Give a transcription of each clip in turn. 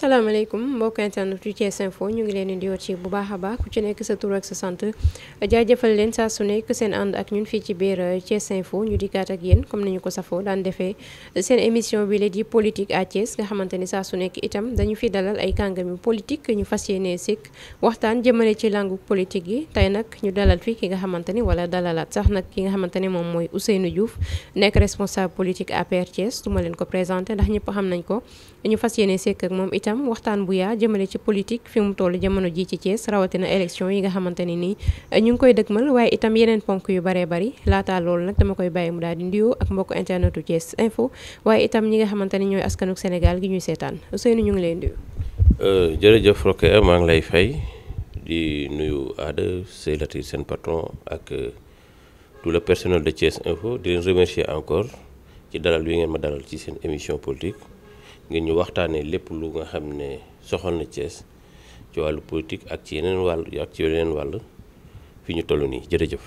salaamaaleykum mbokk internet yu Thiès Info ñu ngi leen di yoot ci bu baax a baax ku ci nekk sa tur ak sa sant jaajëfal leen saa su nekk seen ànd ak ñun fii ci biir euh, Thiès Info ñu dikkaat ak yéen comme nañu ko safoo daan defee seen émission bi la di politique à Thiès nga xamante ni saa su nekk itam dañu fi dalal ay kàngami politique ñu fas yéene sikk waxtaan jëmale ci langu politique yi tey nag ñu dalal fii ki nga xamante ni wala dalalaat sax nag ki nga xamante ni moom mooy Ousseynou Diouf nekk responsable politique APR Thiès leen ko présenté ndax ñëpp xam nañ ko ñu fas yéene sekk ak moom itam waxtaan bu yaa jëmale ci politique fi mu toll jamono ji ci Thiès rawatina élection yi nga xamante ne nii eh, ñu ngi koy dëgmal waaye itam yeneen ponk yu baree bari laataa loolu nag dama koy bàyyi mu daal di nuyoo ak mbokk internetu Thiès info waaye itam ñi nga xamante ne ñooy askanu Sénégal gi ñuy seetaan Ousseynou ñu ngi lay nuyu. Euh, jërëjëf Rokhaya maa ngi lay fay di nuyu Ada Sey Latir seen patron ak. Euh, tout le personnel de Thiès Info di leen ci dalal bi ngeen ma dalal ci seen émission politique ngir ñu waxtaanee lépp lu nga xam ne soxal na Thiès ci wàllu politique ak ci yeneen wàll ak ci yeneen wàll fi ñu toll nii jërëjëf.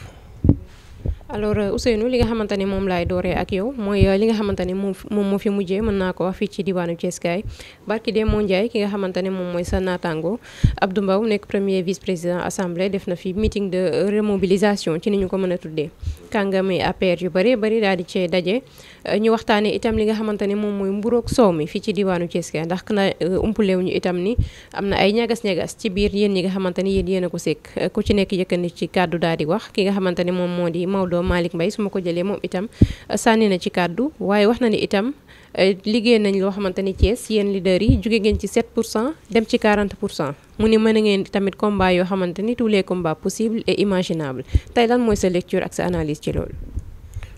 alors euh, Ousseynou li nga xamante ni moom laay dooree ak yow mooy euh, li nga xamante ni moom moo fi mujjee mën naa ko wax fii ci diwaanu Thiès kaay barki Demba Ndiaye ki nga xamante ne moom mooy sa naataango Abdou Mbow nekk premier vice président assemblée def na fi meeting de remobilisation ci ni ñu ko mën a tuddee. kàngami APR yu bëri bëri daal di cee daje euh, ñu waxtaanee itam li nga xamante ni moom mooy mburoog soow mi fii ci diwaanu Thiès kaay ndax na umpalewu ñu itam ni am na ay ñagas-ñagas ci biir yéen ñi nga xamante ni yéen yéen a ko sekk ku ci nekk yëkkandi ci kàddu daal di wax ki nga xamante ni moom moo di Maodo Malick Mbaye su ma ko jëlee moom itam euh, sànni na ci kàddu waaye wax na ni itam euh, liggéey nañ loo xamante ni Thiès yéen leaders yi jóge ngeen ci 7 pour cent dem ci quarante pour cent mu ni mën a ngeen tamit combat yoo xamante ni tous les combats possibles et imaginables tey lan mooy sa lecture ak sa analyse ci loolu.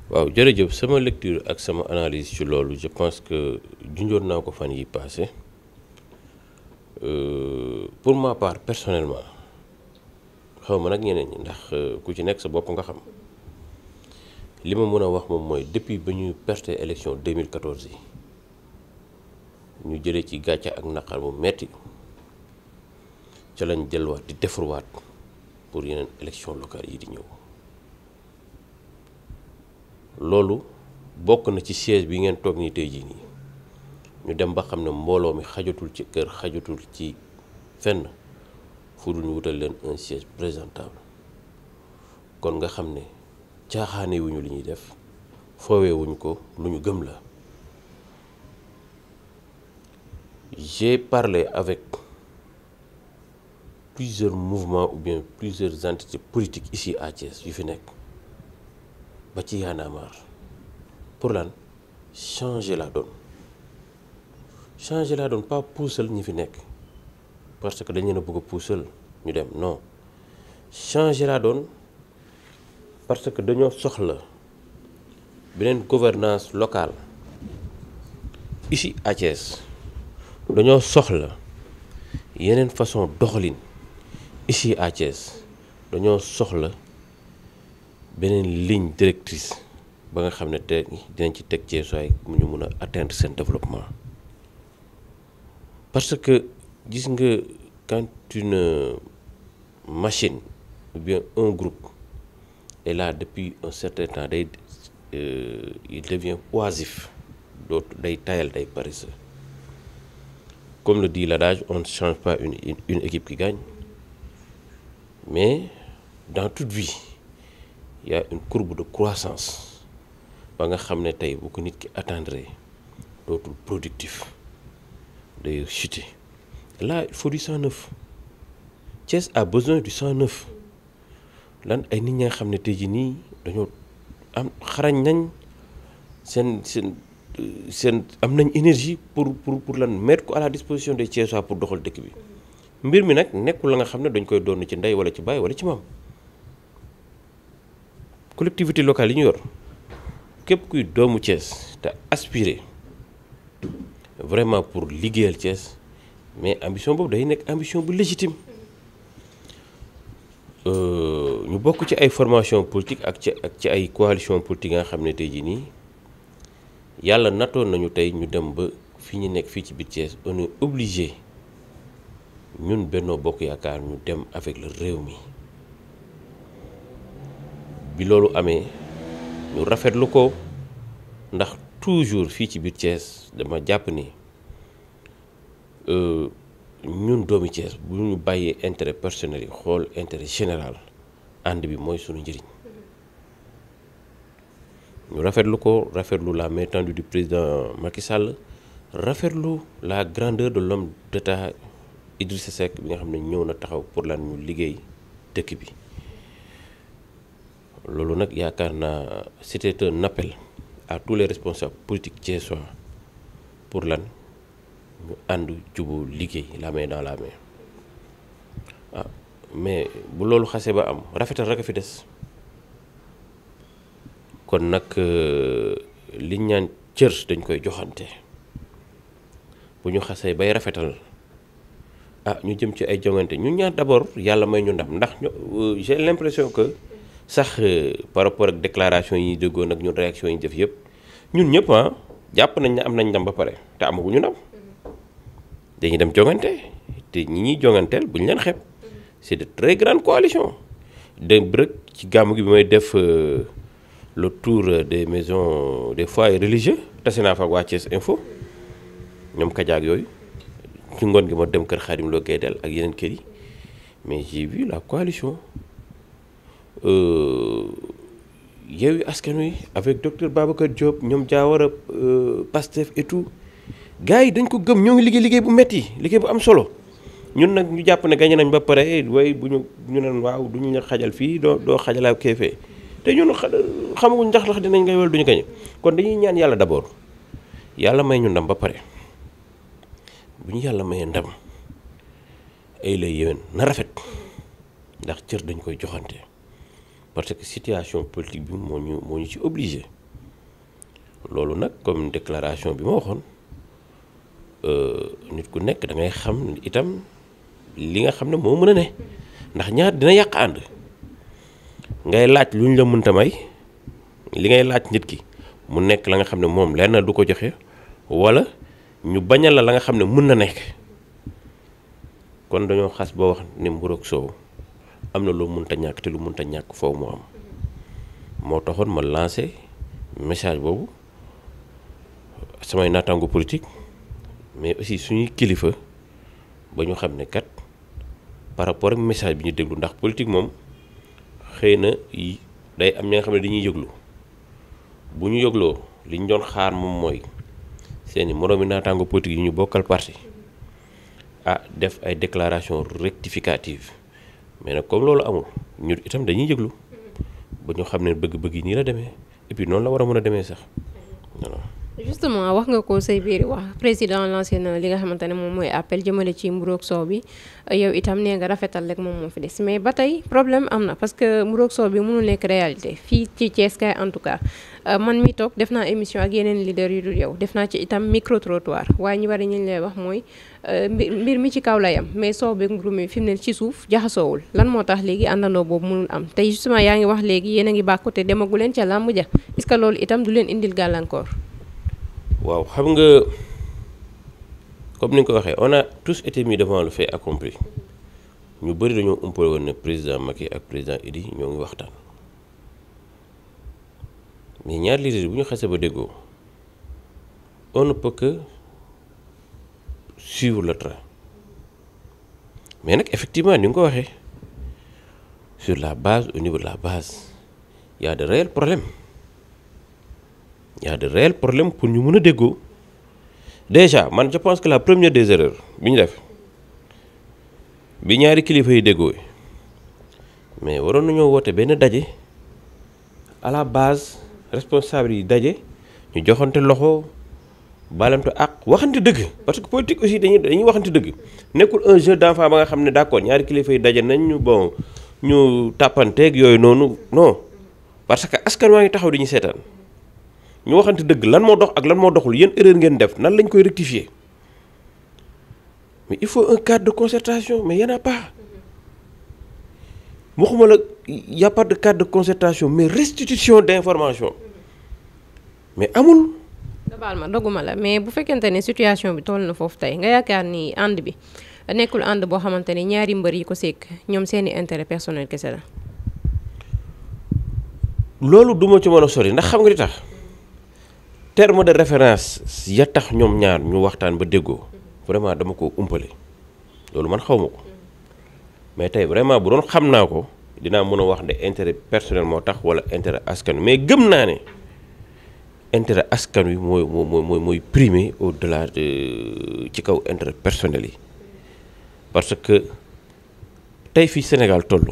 waaw jërëjëf sama lecture ak sama analyse ci loolu je pense que junjoon naa ko fan yi passé euh, pour ma part personnellement xaw ma nag ñeneen ñi ku ci nekk sa bopp nga xam. li ma mën a wax moom mooy depuis ba ñu perte élection 2014 yi ñu jële ci gàcce ak naqar bu metti ca lañ delluwaat di defarwaat pour yeneen élection locale yi di ñëw loolu bokk na ci siège bi ngeen toog ni tey jii ñu dem ba xam ne mbooloo mi xajatul ci kër xajatul ci fenn fu dul ñu wutal leen un siège présentable kon nga xam ne caaxaane wuñu li ñuy def foowee ko lu ñu gëm la j'ai parlé avec plusieurs mouvements ou bien plusieurs entités politiques ici à Thiès yu fi nekk ba ci Y'en pour lan changer la donne changer la donne pas puusal ñi fi nekk parce que dañ ne a bëgg a ñu dem non changé la donne parce que dañoo soxla beneen gouvernance locale ici à dañoo soxla yeneen façon doxalin ici à dañoo soxla beneen ligne directrice ba nga xam ne te dinañ ci teg Thiès waaye mu ñu mun a atteindre seen développement parce que gis nga quand machine ubien un groupe Et là, depuis un certain temps, day euh, il devient oisif, d'autres day tayal, day paresseux. Comme le dit l'adage, on ne change pas une, une, une équipe qui gagne. Mais dans toute vie, il une courbe de croissance ba nga xam ne tey bu ko nit ki attendre dootul productif day chuter. Là, il faut a besoin du lan ay nit ñi nga xam ne tey jii nii dañoo am xarañ nañ seen seen seen am nañ énergie pour pour pour lan mettre ko à la disposition des Thiessois pour doxal dëkk bi mbir mi nag nekkul la nga xam ne dañ koy doon ci ndey wala ci baay wala ci maam collectivité locale yi ñu yor képp kuy doomu Thiès te aspirer vraiment pour liggéeyal Thiès mais ambition boobu day nekk ambition bu légitime Euh, ñu bokk ci ay formation politique ak ci ak ci ay coalition politique nga xam ne tey jii nii yàlla nattoon nañu tey ñu dem ba fi ñu nekk fii ci biir Thiès on est obligé ñun Benno Bokk Yaakaar ñu dem avec le réew mi bi loolu amee ñu rafetlu ko ndax toujours fii ci biir Thiès dama jàpp ni. Euh, ñun doomi Thiès bu ñu bàyyee intérêt personnel yi xool intérêt général ànd bi mooy suñu njëriñ ñu rafetlu ko rafetlu la main tendue du président Macky Sall rafetlu la grandeur de l'homme d'État Idrissa Seck bi nga xam ne ñëw na taxaw pour lan ñu liggéey dëkk bi loolu nag yaakaar naa c'était un appel à tous les responsables politiques thiessois pour lan ñu ànd juboo liggéey la main dans la main ah, mais bu loolu xase ba am rafetal rek a fi des kon nag euh, liñ ñaan cër dañ koy joxante bu ñu xasee bay rafetal ah ñu jëm ci ay jongante ñu ñaan d'abord yàlla may ñu ndam ndax euh, j'ai l'impression que sax euh, par rapport ak déclaration yi déggoon ak ñu réaction yi def yëpp ñun ñëpp ah jàpp nañ ne am nañ ndam ba pare te amaguñu ndam dañuy dem jongante te ñi ñuy jonganteel bu ñu leen xeeb c'est de très grande coalition dem rek ci gàmmu gi bi may def euh, le tour des maisons des foyers religieux tase naa fa waa Info ñoom kajaak yooyu ci ngoon gi ma dem kër Xaadim Lo Gaydel ak yeneen kër yi mais j'ai vu la coalition euh, Yewwi Askan Wi avec docteur Babacar Diop ñoom Diawara euh, Pastef et tout gars yi dañ ko gëm ñoo ngi liggéey liggéey bu metti liggéey bu am solo ñun nag ñu jàpp ne gañe nañ ba pare eh, way bu ñu ñu neen waaw du ñu xajal fii doo doo xajalaaw keefee te ñun xamaguñ ndax ndax dinañ gañ wala duñu gañe kon dañuy ñaan yàlla d'abord yàlla may ñu ndam ba pare bu ñu yàlla mayee ndam ay lay yéwén na rafet ndax cër dañ koy joxante parce que situation politique bi moo ñu moo ñu ci obligé loolu nag comme déclaration bi ma waxoon Euh, nit ku nekk dangay ngay xam itam li nga xam ne moo mën a ne ndax ñaar dina yàq ànd ngay laaj lu ñu la mënta may li ngay laaj nit ki mu nekk la nga xam ne moom leer na du ko joxe wala ñu bañal la la nga xam ne mën na nekk kon dañoo xas boo wax ni mburoog soow am na loo mënta ñàkk te lu mënta ñàkk foofu moo am moo taxoon ma lancé message boobu samay naataangu politique mais aussi suñuy kilifa ba ñu xam ne kat par rapport ak message bi ñu déglu ndax politique moom xëy na day am ñi xam ne dañuy yëglu bu ñu yëgloo li ñu doon xaar moom mooy seeni moroomi naataango politique yi ñu bokkal parti ah def ay déclaration rectificative mais nag comme loolu amul ñu itam dañuy yëglu ba ñu xam ne bëgg-bëgg yi nii la demee et noonu la war a mën a demee sax justement wax nga ko say biir wax président lancé na li nga xamante ne moom mooy appel jëmale ci mburoog soow bi yow itam nee nga rafetal rek moom moo fi des mais ba tey problème am na parce que mburoog soow bi mënul nekk réalité fii ci Thiès kay en tout cas euh, man mi toog def naa émission ak yeneen leader yu dul yow def naa ci itam micro trottoir waaye ñu bari ñu lay wax mooy euh, mbir mi ci kaw lay am mais soow bi mburu mi fi mu ne ci suuf jaxasoowul lan moo tax léegi àndandoo boobu mënul am tey justement yaa ngi wax léegi yéen a ngi bàkku te demagu leen ca làmb ja est que loolu itam du leen indil gàllankoor waaw xam nga comme ni nga ko waxee on a tous été mis devant le fait accompli ñu bëri dañoo umpale woon ne président Macky ak président Idi ñoo ngi waxtaan mais ñaar leaders bu ñu xasee ba déggoo on ne peut que suivre le train mais nag effectivement ni nga ko waxee sur la base au niveau de la base il de réels problème y a de réels pour ñu mën a déggoo déjà man je pense que la première des erreurs bi ñu def bi ñaari kilifa yi déggoo mais waroon nañoo woote benn daje à la base responsable yi daje ñu joxante loxo baalamtu ak waxante dëgg parce que politique aussi dañuy dañuy waxante dëgg nekkul un jeu d'enfant ba nga xam ne d'accord ñaari kilifa yi daje nañ ñu bon ñu tàppanteeg yooyu noonu no parce que askan waa ngi taxaw di ñu seetaan. ñu waxante dëgg lan moo dox ak lan moo doxul yéen erreur ngeen def nan lañ koy rectifier mais il faut un cadre de concertation mais y'en a pas waxuma la y a pas de cadre de concertation mais restitution d'information mais amul. baal ma doguma la mais bu fekkente ne situation bi toll na foofu tey nga yaakaar ni ànd bi nekkul ànd boo xamante ne ñaari mbër yi ko sekk ñoom seeni intérêt personnel kese la. loolu duma ci mën a sori ndax xam nga li tax. terme de référence ya tax ñoom ñaar ñu waxtaan ba déggoo vraiment dama ko umpale loolu man xaw ma ko mais tey vraiment bu doon xam naa ko dinaa mën a wax ne intérêt personnel moo tax wala intérêt askan wi mais gëm naa ne intérêt askan wi mooy mooy mooy mooy primé au delà ci kaw intérêt personnel yi parce que tey fii Sénégal toll.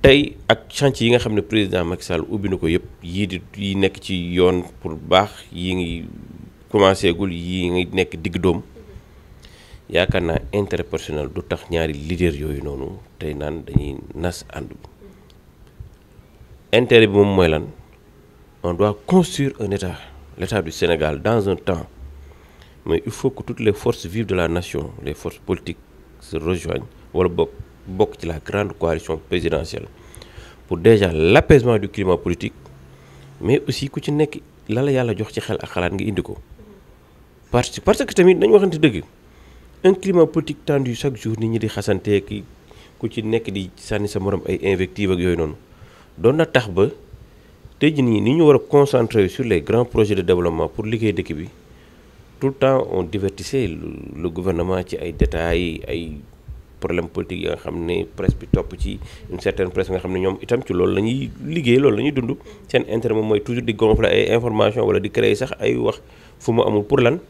tey ak chantier yi nga xam ne président Macky Sall ubbi na ko yëpp yii di yi nekk ci yoon pour baax yi ngi commencé gul yi ngi nekk digg doom yaakaar naa intérêt personnel du tax ñaari leader yooyu noonu tey naan dañuy nas ànd bi intérêt bi moom mooy lan on doit construire un état l'état du Sénégal dans un temps mais il faut que toutes les forces vives de la nation les forces politiques se rejoignent wala bopp bokk ci la grande coalition présidentielle pour déjà l'apaisement du climat politique mais aussi ku ci nekk la yàlla jox ci xel ak xalaat nga indi ko parce que parce que tamit dañu waxante dëgg un climat politique tendu chaque jour nit ñi di xasantee ki ku ci nekk di sànni sa morom ay invective ak yooyu noonu doon na tax ba tey jii nii ni ñu war concentre concentrer sur les grands projets de développement pour liggéey dëkk bi tout le temps on divertissait lu gouvernement ci ay détails ay. problème politique yi nga xam ne presse bi topp ci une certaine presse nga xam ne ñoom itam ci loolu lañuy ñuy liggéey loolu la ñuy dund seen intérêt moom mooy toujours di gonfler ay information wala di créer sax ay wax fu mu amul pour lan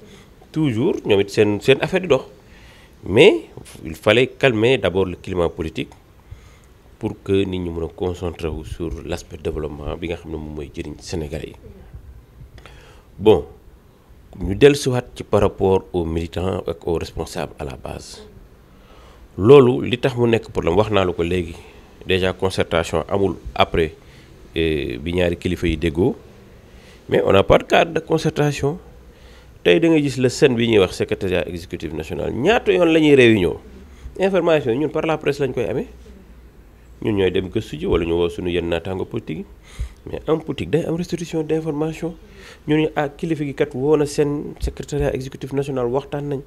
toujours ñoom it seen seen affaire di dox mais il fallait calmer d'abord le climat politique pour que nit ñi mën a concentrer wu sur l'aspect développement bi nga xam ne moom mooy jëriñ Sénégal yi bon ñu dellusiwaat ci par rapport aux militants ak aux responsables à la base loolu li tax mu nekk problème wax naa la ko léegi déjà concertation amul après eh, bi ñaari kilifa yi déggoo mais on n'a pas de de concertation tey da nga gis le SEN bi ñuy wax secrétariat exécutif national ñaata yoon la ñuy réunion information ñun par la presse lañ koy amee ñun ñooy dem gëstu ji wala ñu woo suñu yenn naataango politique yi mais am politique day am restitution d' information ñu ne ah kilifa gi kat woo na seen secrétariat exécutif national waxtaan nañ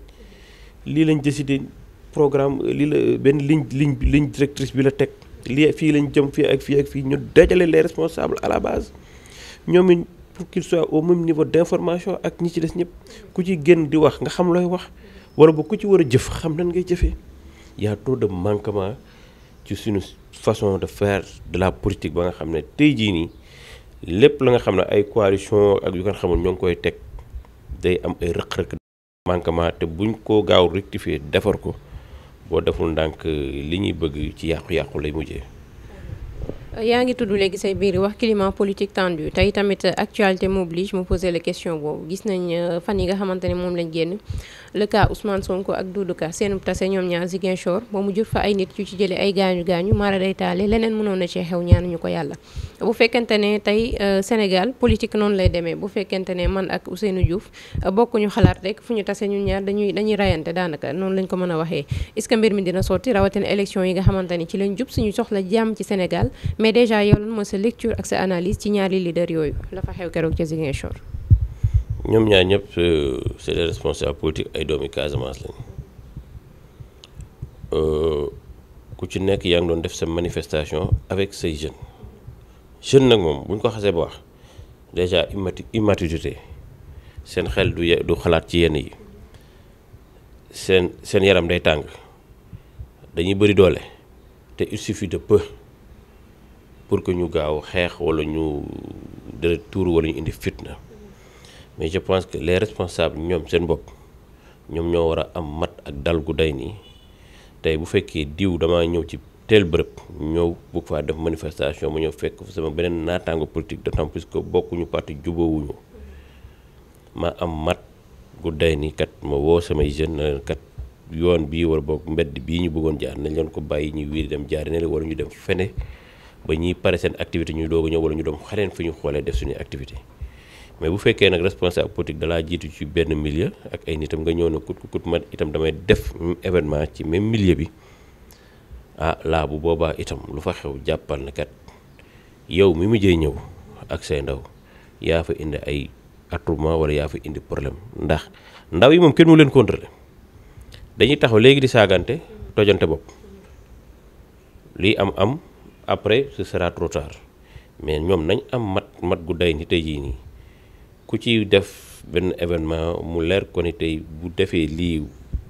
lii lañ décidé. programme euh, lii la euh, benn ligne ligne liñ directrice bi la teg lii fii lañ jëm fii ak fii ak fii ñu dajale les responsables à la base ñoom it pour qu'il soit au même niveau d'information ak ñi ci des ñëpp ku ci génn di wax nga xam looy wax wala ba ku ci war a jëf xam lañ ngay jëfee y a trop de manquement ci suñu façon de faire de la politique ba nga xam ne tey jii nii lépp la nga xam ne ay coalition ak yu kan xamul ñoo ngi koy teg day am ay rëq-rëq manquement te buñ ko gaaw rectifier defar ko boo deful ndànk li ñuy bëgg ci yàqu-yàqu lay mujjee. yaa ngi tudd léegi say biir wax climat politique tendu tey tamit actualité m'oblige mu posé la question boobu gis nañ euh, fan yi nga xamante ne moom lañ génn le cas Ousmane Sonko ak Doudou Ka seen tase ñoom ñaar Ziguinchor ba mu jur fa ay nit yu ci jëlee ay gaañu gaañu mara day taale leneen mënoon na cee xew ñu ko yàlla bu fekkente ne tey euh, Sénégal politique noonu lay demee bu fekkente ne man ak Ousseynou Diouf euh, bokkuñu xalaat rek fu ñu tase ñun ñaar dañuy dañuy rayante daanaka noonu lañ ko mën a waxee est-ce que mbir mi dina sotti rawatina élection yi nga xamante ni ci lañ jub suñu soxla jàmm ci Sénégal mais déjà yow lan mooy sa lecture ci ñaari leader yooyu la fa xew keroog ca Ziguinchor. ñoom ñaar ñëpp euh, c'est des responsables politiques ay doomi Casamance lañ ku ci nekk yaa ngi doon def sa manifestation avec say jeunes. jeune nag moom buñ ko xasee ba wax déjà immati immaturité seen xel du du xalaat ci yenn yi seen seen yaram day tàng dañuy bëri doole te il suffit de peu pour que ñu gaaw xeex wala ñu deret tuur wala ñu indi fitna mais je pense que les responsables ñoom seen bopp ñoom ñoo war a am mat ak dal gu day nii tey bu fekkee diw damaa ñëw ci teel bërëb ñëw bug faa def manifestation mu ñëw fekk sama beneen naataango politique d'autant plus que bokkuñu parti jubóowuñu ma am mat gu day ni kat ma woo samay jeunes kat yoon bii wala boog mbedd bii ñu bëggoon jaar nañ leen ko bàyyi ñu wiiri dem jaari ne la wala ñu dem fene ba ñuy pare seen activité ñu doog ñëw wala ñu dem xaneen fu ñu xoolee def suñuy activité mais bu fekkee nag responsable politique dalaa jiitu ci benn milieu ak ay nitam nga ñëw ne kut kut man itam damay def événement ci même milieu bi ah laa bu boobaa itam lu fa xew jàppal ne kat yow mi mujjee ñëw ak say ndaw yaa fa indi ay attroupement wala yaa fa indi problème ndax ndaw yi moom kenn mu leen contrôler dañuy taxaw léegi di saagante tojante bopp lii am am après ce sera trop mais ñoom nañ am mat mat gu day ni tey jii nii ku ci def benn événement mu leer ko ni tey bu defee lii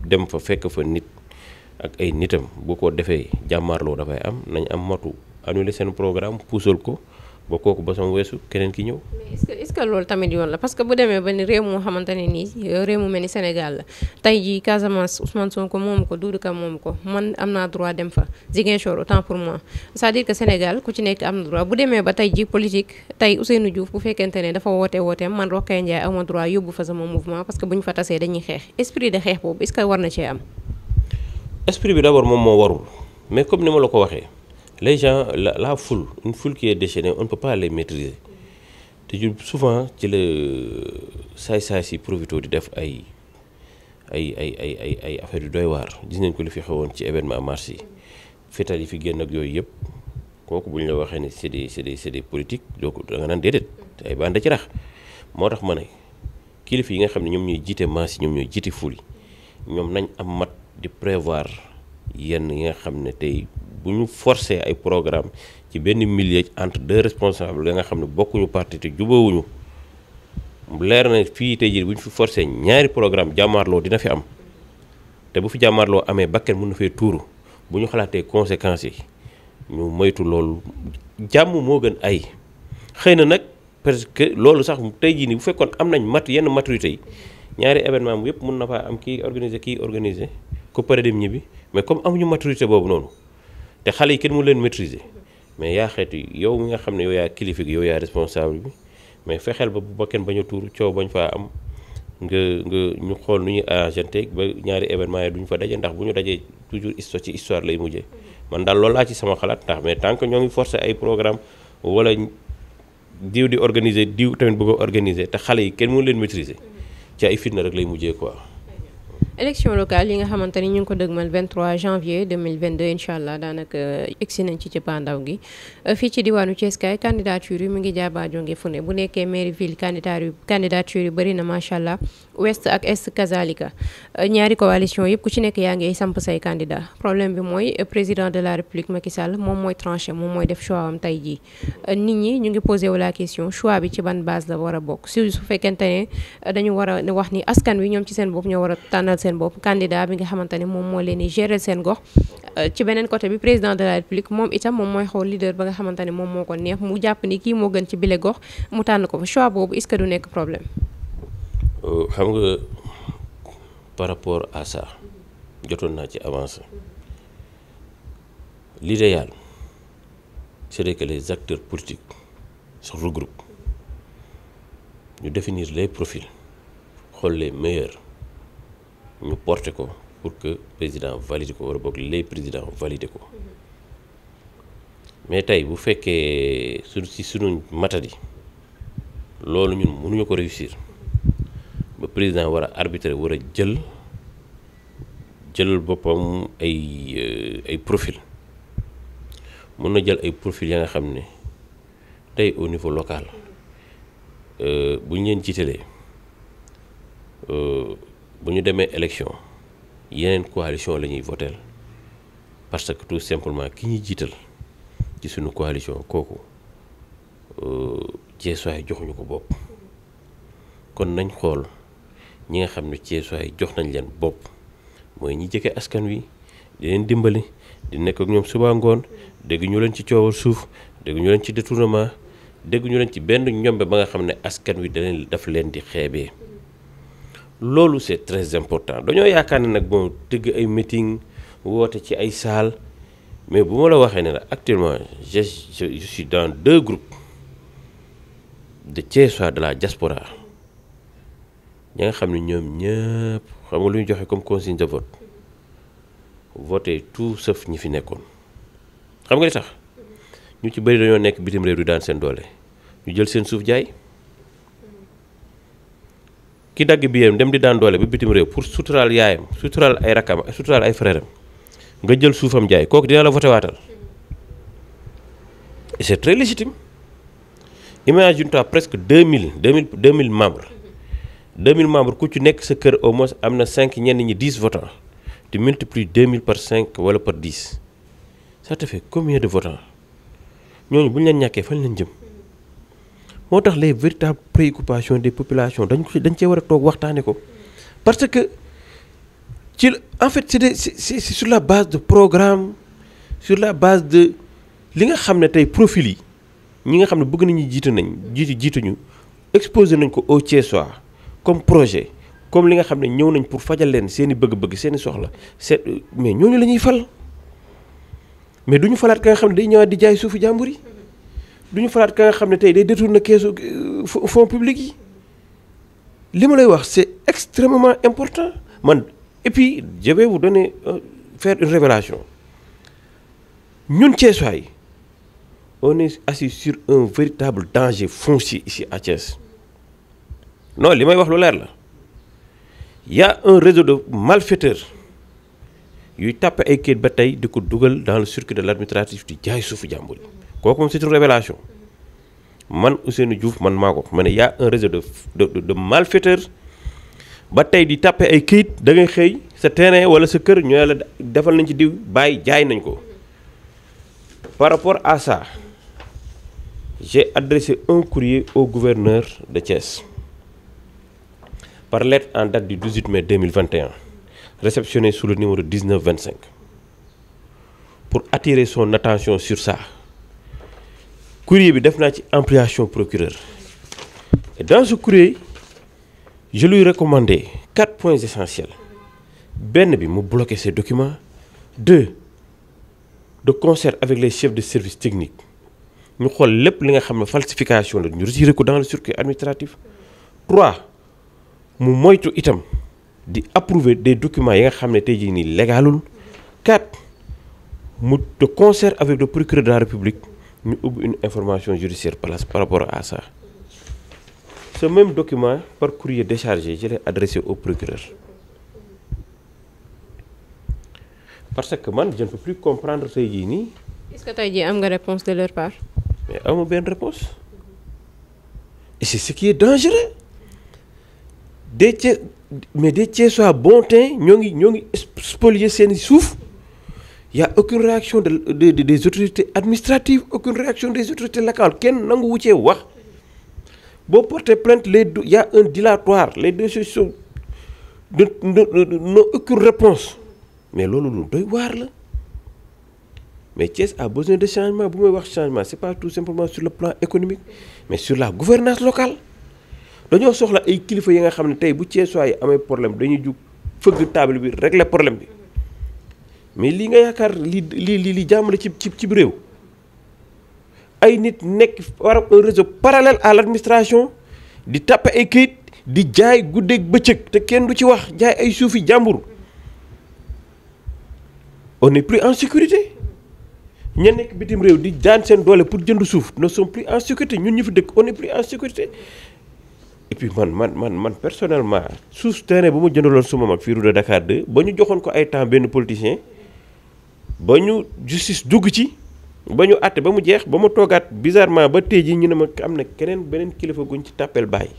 dem fa fekk fa nit ak ay nitam bu ko defee jàmmaarloo dafay am nañ am matu annulé seen programme puusal ko ba kooku ba sama weesu keneen ki ñëw. mais loolu tamit yoon la parce que bu demee ba ni réew moo xamante ne nii euh, réew mu mel ni Sénégal la tey jii Casamance Ousmane Sonko moomu ko Doudou Ka moomu ko man am naa droit dem fa Ziguinchor autant pour moi cest à Sénégal ku ci nekk am na droit bu demee ba tey jii politique tey Ousseynou Diouf bu fekkente ne dafa woote wooteem man Rokhaya Ndiaye amoo droit fa sama mouvement parce que bu ñu fa esprit bi d'abord moom moo warul mais comme ni ma la ko waxee les gens la la foule une foule qui est déchaînée on ne peut te jur souvent ci la saay-saay si profito di def ay ay ay ay ay ay affaire yu doy waar gis nañ ko li fi xewoon ci événement mars yi fetal yi fi génn ak yooyu yëpp kooku bu ñu la waxee ne c'est des c'est des c'est des politiques donc da nga naan déedéet ay bande ci rax moo tax ma ne kilifa yi nga xam ne ñoom ñooy jiite maas yi ñoom ñooy jiite ful yi nañ di prévoir yenn yi nga xam ne tey bu ñu forcer ay programme ci benn milieu entre deux responsables yi nga xam ne bokkuñu parti te jubawuñu leer na fii tey jii bu ñu fi forcer ñaari programme jàmmaarloo dina fi am te bu fi jàmmaarloo amee bakken mun na fee tuuru bu ñu xalaatee conséquence yi ñu moytu loolu jàmm moo gën ay xëy na nag parce que loolu sax tey jii ni bu fekkoon am nañ mat yenn maturité yi ñaari événement mu yëpp mën na faa am kii organiser kii organiser ku pare dem ñibbi mais comme amuñu maturité boobu noonu te xale yi kenn mu leen maîtriser mais yaa xeetu yow mi nga xam ne yow yaa kilifa gi yow yaa responsable bi mais fexeel ba bu kenn bañ a tuur coow bañ faa am nga nga ñu xool nu ñuy arrangé ba ñaari événement yi duñ fa daje ndax bu ñu dajee toujours histoire ci histoire lay mujjee man daal lool laa ci sama xalaat ndax mais tant que ñoo ngi forcé ay programme wala diw di organiser diw tamit bëgg a organiser te xale yi kenn mënu leen maîtriser ci ay fitna rek lay mujjee quoi. élection locale yi nga xamante ni ñu ngi ko dëgmal 23 janvier 2022 incha allah daanaka euh, egsi nañ ci cëppaandaw gi euh, fii ci diwaanu Thiès kay candidature yi mu ngi jaaba jonge fu ne bu nekkee mairie ville candidature yi bëri na macha allah ouest ak est kazalika euh, ñaari coalition yëpp ku ci nekk yaa ngi samp say candidat problème bi mooy président de la république Macky Sall moom mooy tranché moom mooy def choix am jii nit ñi ñu ngi posé wu la question choix bi ci ban baa la war a bokk su su fekkente dañu war a wax ni askan wi ñoom ci seen bopp ñoo war a seen bopp candidat bi nga xamante ne moom moo leen di gérer seen gox euh, ci beneen côté bi président de la république moom itam moom mooy xool leader ba nga xamante ne moom moo ko neex mu jàpp ni kii moo gën ci bile gox mu tànn ko fa choix boobu est que du nekk problème. Euh, xam nga par rapport à ça jotoon naa ci avancé l'idéal c'est que les acteurs politiques se regroupent ñu définir les profils xool les meilleurs. ñu porté ko pour que président valide ko war a boog les présidents valide ko mais tey bu fekkee su si suñu matadi loolu ñun mënuñu ko réussir ba président war a arbitrer war a jël jël boppam ay euh, ay profil mën na jël ay profil ya nga xam ne tey au niveau local euh, bu ñu ci jiitalee euh, bu ñu demee élection yeneen coalition la ñuy voteel parce que tout simplement ki ñuy jiital ci suñu coalition kooku Ceesuwaay euh, joxuñu ko bopp kon nañ xool ñi nga xam ne Ceesuwaay jox nañ leen bopp mooy ñi jege askan wi di leen dimbali di nekk ak ñoom suba ngoon dégg ñu leen ci coowal suuf dégg ñu leen ci détournement dégg ñu leen ci benn ñombe ba nga xam ne askan wi da daf leen di xeebee. loolu c' est très important dañoo yaakaar ne nag bon tëgg ay meeting woote ci ay saal mais bu ma la waxee ne la actuellement je je suis dans deux groupes de Thiessois de la jaspora ñi nga xam ni ñoom ñëpp xam nga lu ñu joxe comme consigne de vote voter tout sauf ñi fi nekkoon xam nga li tax ñu ci bëri dañoo nekk bitim réew di daan seen doole ñu jël seen suuf jaay. ki dagg biyeem dem di daan doole bi bitim réew pour suturaal yaayam suturaal ay rakkam suturaal ay frèram nga jël suufam jaay kooku dina la voté waatal et c'est très légitime imagine-toi presque 2000 2000 2000 membres 2000 membres ku ci nekk sa kër au moins am na 5 ñenn ñi 10 votants tu multiplies 2000 par cinq wala par 10 ça te fait combien de votants ñooñu bu ñu leen ñàkkee fan lañ jëm. moo tax les véritables préoccupations des populations dañ ko dañ cee war a toog waxtaanee ko parce que ci en fait c'est des sur la base de programme sur la base de li nga xam ne tey profil yi ñi nga xam ne bëgg nañu jiite nañ jiitu jiituñu exposé nañ ko au soit comme projet comme li nga xam ne ñëw nañ pour fajal leen seeni i bëgg-bëgg seen i soxla seet mais ñooñu la ñuy fal mais ñu falaat ka nga xam ne day ñëwaat di jaay suufu jàmbur yi. du ñu falaat ka nga xam ne tey day na keesu euh, fonds publics yi li ma lay wax c'est extrêmement important man et puis je vais vous donner euh, faire une révélation ñun Thiessois yi on est assis sur un véritable danger foncier ici à Thiès li may wax lu leer la y un réseau de malfaiteurs yuy tàppe ay kayit ba tey di ko dugal dans le circuit de l'administratif di jaay suufu jàmbur yi kooku moom c'est une révélation man Ousseynou Diouf man maa ko ma ne a un réseau de de de ba tey di tàppe ay këyit da xëy sa terrain wala sa kër ñoo la defal nañ ci diw bàyyi jaay nañ ko par rapport à ça j'ai adressé un courrier au gouverneur de Thiès par lettre en date du 18 mai 2021 réceptionné sous le numéro 1925 pour attirer son attention sur ça courrier bi def naa ci ampliation procureur et dans ce courrier je lui recommandais quatre points essentiels benn bi mu bloquer ses documents deux de concert avec les chefs de service technique ñu xool lépp li nga xam ne falsification la ñu retiré ko dans le circuit administratif trois mu moytu itam di approuver des documents yi nga xam ne tey jii nii légalul quatre mu de concert avec le procureur de la république ñu ubbi une information judiciaire place par rapport à sa ce même document par courrier déchargé je l'ai adressé au procureur parce que man je ne peux plus comprendre tey jii nii. est que tey jii am nga réponse de leur part. mais amu benn réponse et c'est ce dangereux des cee mais des cee soit bon teint ñoo ngi ñoo ngi spolier seen suuf. il y a aucune réaction de, des autorités administratives aucune réaction des autorités locales kenn nangu wu cee wax boo porté plainte les il y a un dilatoire les dossiers sont de n'ont aucune réponse mais loolu lu doy waar la mais Thiès a besoin de changement bu may wax changement c'est pas tout simplement sur le plan économique mais sur la gouvernance locale dañoo soxla ay kilifa yi nga xam ne tey bu Thiès yi amee problème dañuy jug fëgg table bi régler problème bi mais lii nga yaakaar li li li jàmmale la ci ci ci réew ay nit nekk war a réseau parallèle à l'administration di tàppe ay këyit di jaay guddeeg bëccëg te kenn du ci wax jaay ay suufi jàmbur on n'est plus en sécurité ña nekk bitim réew di daan seen doole pour jënd suuf ne sont plus en sécurité ñun ñu fi dëkk on n'est plus en sécurité et puis man man man man personnellement suuf terrain bu ma jëndaloon suma mag fii rue de Dakar 2 ba ñu joxoon ko ay temps benn politicien ba ñu justice dugg ci ba ñu àtte ba mu jeex ba ma toogaat bizarrement ba tey jii ñu ne ma am na keneen beneen kilifa guñ ci tàppeel baay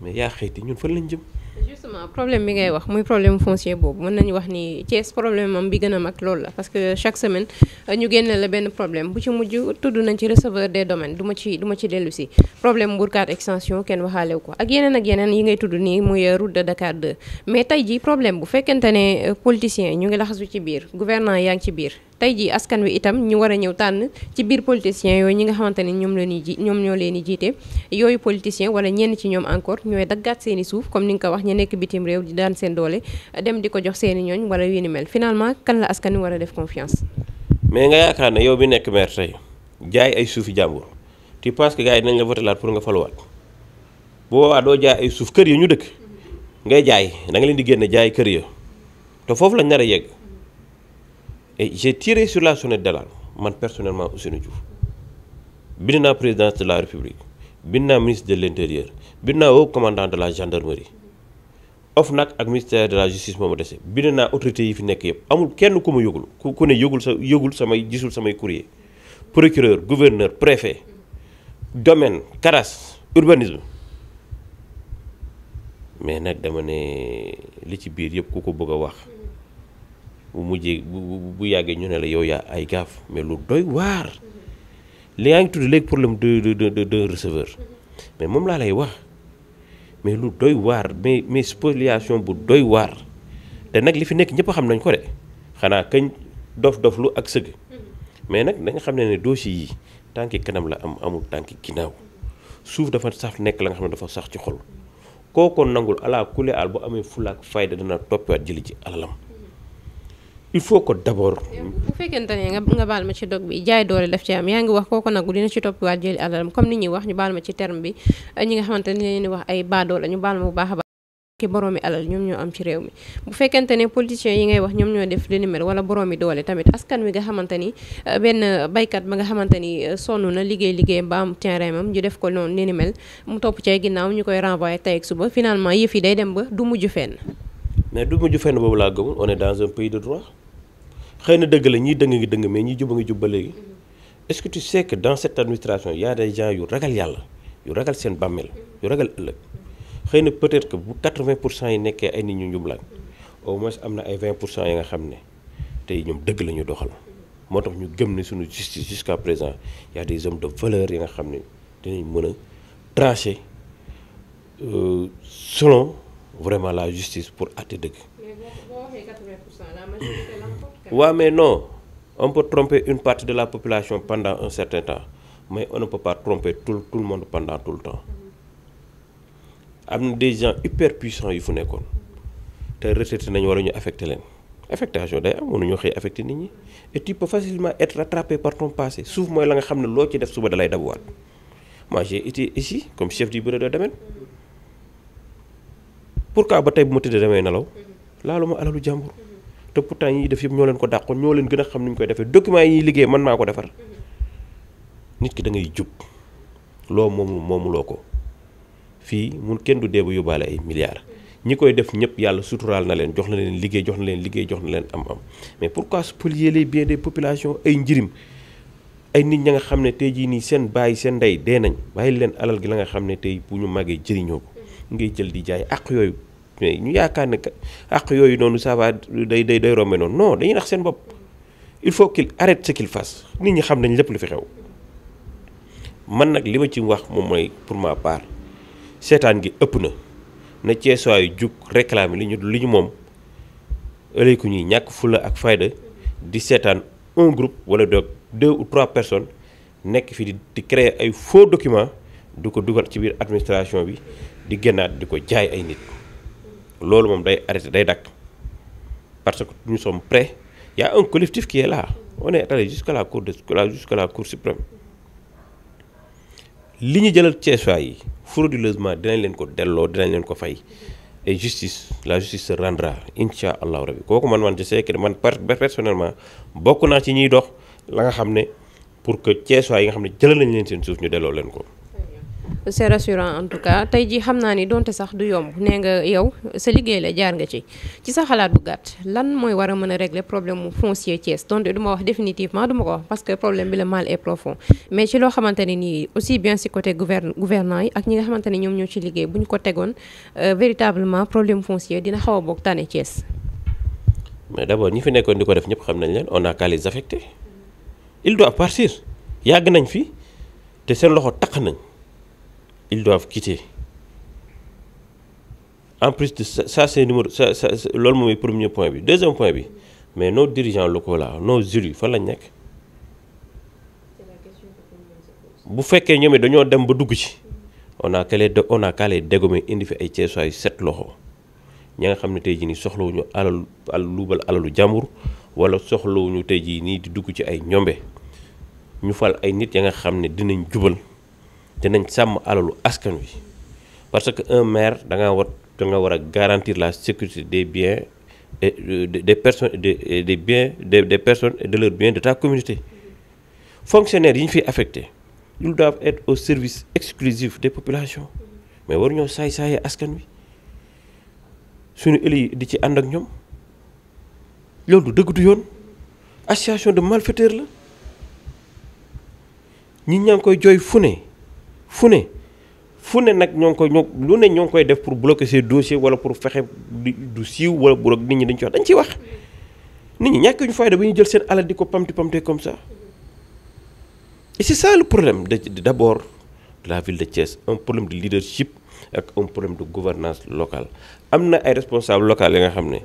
mais yaa xëyti ñun fan lañ jëm. justement problème bi ngay wax muy problème foncier boobu mën nañu wax ni Thiès problème am bi gën a mag loolu la parce que chaque semaine euh, ñu génne la benn problème bu ci mujj tudd nañ ci receveur des domaines du ma ci duma ci dellusi si problème Mbourkat extension kenn waxaalew ko ak yeneen ak yeneen yi ngay tudd nii muy euh, route de Dakar 2 mais tey ji problème bu fekkente ne euh, politiciens ñu ngi laxasu ci biir gouvernant yaa ngi ci biir tey jii askan wi itam ñu war a ñëw tànn ci biir politiciens yooyu ñi nga xamante ne ñoom la ñuy ji ñoom ñoo leen di jiite yooyu politiciens wala ñenn ci ñoom encore ñooy daggaat seen i suuf comme ni nga ko wax ñu nekk bitim réew di daan seen doole dem di ko jox seeni i ñooñ wala yu ni mel finalement kan la askan wi war a def confiance. mais nga yaakaar ne yow bi nekk maire tey jaay ay suufi jàmbur tu penses que gars yi dinañ la voté laat pour nga faluwaat bu boobaa doo jaay ay suuf kër yi ñu dëkk ngay jaay da nga leen di génne jaay kër ya te foofu lañ nar a yegg et j'ai tiré sur la sonnette d'alarme man personnellement Ousseynou Diouf bind naa présidence de la république bind naa ministre de l' intérieur bind naa haut commandant de la gendarmerie nag ak ministère de la justice moo ma dese bind naa autorités yi fi nekk yëpp amul kenn ku ma yëgul ku ku ne yëgul sa yëgul samay gisul samay courrier procureur gouverneur préfet domaine caras urbanisme mais nag dama ne li ci biir yëpp ku ko bëgg a wax bu mujjee bu bu yàggee ñu ne la yow yaa ay gaaf mais lu doy waar li nga ngi tudd léegi problème de de de de receveur mais moom laa lay wax mais lu doy waar mais mais bu doy waar te nag li fi nekk ñëpp xam nañ ko de xanaa kañ dof-dof lu ak sëgg mais nag da xam ne ne dossier yi tànki kanam la am amul tànki ginnaaw suuf dafa sax nekk la nga xam ne dafa sax ci xol kookoon nangul ala kule al bu amee fulaak fayda dana toppiwaat jëli ci alalam. il faut que d'abord. bu fekkente ne nga baal ma ci dog bi jaay doole daf ci am yaa ngi wax kooku nag dina ci topp waat jëli alalam comme ni ñuy wax ñu baal ma ci terme bi ñi nga xamante ne leen wax ay baadoo la ñu baal ma bu baax a baax ki boroomi ñoo am ci réew mi bu fekkente ne politiciens yi ngay wax ñoom ñoo def li ni mel wala boroomi doole tamit askan wi nga xamante ni euh, benn baykat ba nga xamante ni euh, sonn na liggéey liggéey mbaam am terrain am ñu def ko noonu li ni mel mu topp cay ginnaaw ñu koy renvoyé tey ak suba finalement yëf yi day dem ba du mujj fenn mais du mujj fenn boobu laa gëmul on dans un pays de droit xëy na dëgg la ñiy dëng ngi dëng mais ñi juba ngi jub ba léegi est-ce que tu sais que dans cette administration y des gens yu ragal yàlla yu ragal seen bàmmeel yu ragal ëllëg xëy na peut-être que bu 80 pour cent yi nekkee ay nit ñu njublaan au moins am na ay 20 pour yi nga xam ne tey ñoom dëgg la ñu doxal moo tax ñu gëm ne suñu justice jusqu'à présent y a des hommes de valeur yi nga xam ne dinañ mën a trancher euh, selon vraiment la justice pour àtte dëgg. waaw mais non on peut tromper une partie de la population pendant un certain temps mais on ne part pas tromper tout tout le monde pendant tout le temps am na des gens hyper puissants yu fu nekkoon te retraité nañu wala ñu affecté leen affectation day am mënuñoo ñu affecté nit ñi et tu peux facilement être rattrapé par ton passé suuf mooy la nga xam ne loo ci def suba dalay dabuwaat moi j'ai été comme chef du bureau de domaine pourquoi ba tey bu ma tëddee damay nelaw laalu ma alalu jàmbur. te pourtant yi def yëpp ñoo leen ko dàqoon ñoo leen gën a xam ni ñu koy defee documents yi liggéey man maa ko defar nit ki da ngay jub loo moomu moomuloo ko fii mun kenn du dee bu yóbbaale ay milliards ñi koy def ñëpp yàlla suturaal na leen jox na leen liggéey jox na leen liggéey jox leen am-am mais pourquoi spolier les biens des populations ay njirim ay nit ña nga xam ne tey jii nii seen bàyyi seen ndey dee nañ bàyyi leen alal gi la nga xam ne tey bu ñu màggee jëriñoo ko ngay jël di jaay àq yooyu. mais ñu yaakaar ne que àq yooyu noonu ça day day day rombe noonu non dañuy nax seen bopp il faut qu'il arrête ce qu'il fasse nit ñi xam nañ lépp lu fi xew man nag li ma ci wax moom mooy pour ma part seetaan gi ëpp na na ceesuwaay yu jug réclamer li ñu li ñu moom ëllëg ñuy ñàkk fula ak fayda di seetaan un groupe wala de deux ou trois personnes nekk fii di di créer ay faux documents du ko dugal ci biir administration bi di génnaat di ko jaay ay nit. loolu moom day arrêté day dakk parce que nous ñu prêts il y a un collectif ki est là on est allé jusqu'à la cour de jusqu'à la cour suprême li ñu jëlal Ceesuwaay yi frauduleusement dinañ leen ko delloo dinañ leen ko fay et justice la justice se rendra incha allahu rabi kooku man man je sais que man personnellement bokk naa ci ñuy dox la nga xam ne pour que Ceesuwaay yi nga xam ne jëlal nañ leen seen suuf ñu delloo leen ko. c'est rassurant en tout cas tey jii xam naa ni donte sax du yomb nee nga yow sa liggéey la jaar nga ci ci sa xalaat bu gàtt lan mooy war a mën a régler problème mu foncier Thiès donte du ma wax définitivement du ma ko wax parce que problème bi le mal est profond mais ci loo xamante ne nii aussi bien si côté gouvern gouvernant yi ak ñi nga xamante ne ñoom ñoo ci liggéey bu ko tegoon euh, véritablement problème foncier dina xaw a boog tane Thiès. mais d'abord ñi fi nekkoon di ko def ñëpp xam nañ leen on a qu'à les affecter ils doivent yàgg nañ fi te seen loxo taq nañ. ils doivent quitter en plus de sa ça c'est numéro ça loolu mooy premier point bi deuxième point bi mais nos dirigeants locaux là nos élus fan lañ nekk bu fekkee ñoom dañoo dem ba dugg ci on a qu'à les on indi fi ay ceesuwaay yu set loxo ñi nga xam ne tey jii ni soxlawuñu alalu luubal alalu jàmbur wala soxlawuñu tey jii nii di dugg ci ay ñombe ñu fal ay nit ya nga xam ne dinañ jubal. dinañ sàmm alalu askan wi parce que un maire da nga war da nga war a garantir la sécurité des biens et des personnes des des biens des personnes et de leurs biens de ta communauté fonctionnaires yi ñu fiy affecté ils doivent être au service exclusif des populations mais war ñoo saay-saayee askan wi suñu éli di ci ànd ak ñoom loolu du yoon association de malfaiteurs la ñi ñaa ngi koy jooy fu ne fu ne fu ne nag ñoo ko koy ñoo lu ne ñoo ngi koy def pour bloquer ces dossiers wala pour fexe du siiw wala bu nit ñi dañ ci wax dañ ciy wax nit ñi ñàkk ñu fayda ba ñu jël seen alal di ko pamti pamte comme sax et si ça le problème de d'abord de la ville de Thiès un problème de leadership ak un problème de gouvernance locale am na ay responsable locaux yi nga xam ne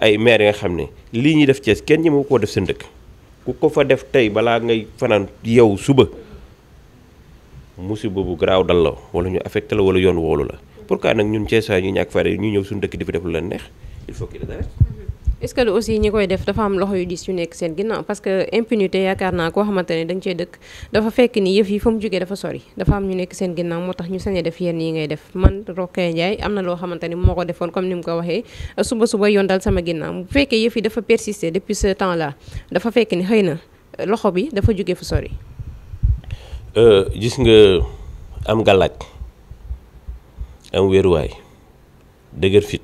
ay maires yi nga xam ne lii ñuy def Thiès kenn ñi moo koo def seen dëkk ku ko fa def tey balaa ngay fanaan yow suba musiba bu garaaw dal la wala ñu affecté la wala yoon woolu la pourquoi nag ñun Ceesaay ñu ñàkk fayda ñu ñëw suñu dëkk di fi def lu leen neex il faut aussi ñi koy def dafa am loxo yu diis yu nekk seen ginnaaw parce que impunité yaakaar naa koo xamante ne da nga cee dëkk dafa fekk ni yëf yi fa mu jógee dafa sori dafa am ñu nekk seen ginnaaw moo tax ñu sañ a def yenn yi ngay def man Rokhaya Ndiaye am na loo xamante ni moo ko defoon comme ni mu ko waxee suba suba yoon dal sama ginnaaw bu fekkee yëf yi dafa persister depuis ce temps là dafa fekk ni xëy na loxo bi dafa jógee fa sori Euh, gis nga am gàllaaj am wéeruwaay dëgër fit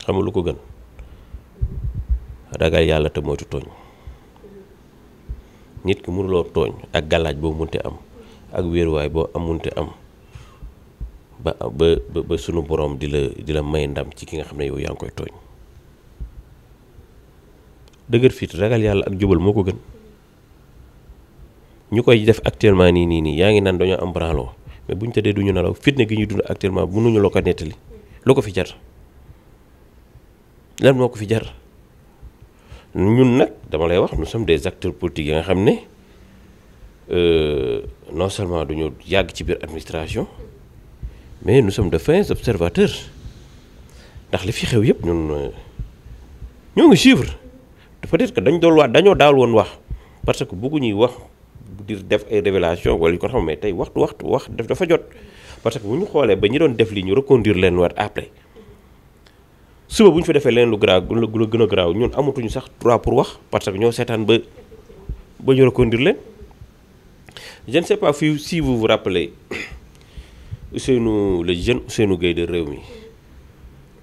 xamul lu ko gën ragal yàlla te moytu tooñ nit ki mënuloo tooñ ak gàllaaj boo munte am ak wéeruwaay boo am munte am ba ba ba sunu borom di la di la may ndam ci ki nga xam ne yow yaa ngi koy tooñ dëgër fit ragal yàlla ak jubal moo ko gën ñu koy def actuellement nii nii nii yaa ngi naan dañoo am branlo mais bu ñu tëddee du ñu nelaw fitna gi ñu dund actuellement mënuñu loo ko nettali lu ko fi jar lan moo ko fi jar ñun nag dama lay wax nu sommes des acteurs politiques yi nga xam ne euh, non seulement duñu yàgg ci biir administration mais nu sommes de fins observateurs ndax li fi xew yëpp ñun euh, ñoo ngi suivre peut-être que dañ doon wax dañoo daal woon wax parce que bëggu ñuy wax. di def ay révélation wala ñu ko xam mais tey waxtu waxtu wax def dafa jot parce que bu ñu xoolee ba ñi doon def lii ñu reconduire leen waat après suba bu ñu fa defee leen lu garaaw lu gën a garaaw ñun amatuñu sax droit pour wax parce que ñoo seetaan ba ba ñu reconduire leen je ne sais pas fii si vous vous rappelez Ousseynou le jeune Ousseynou Gueye réew mi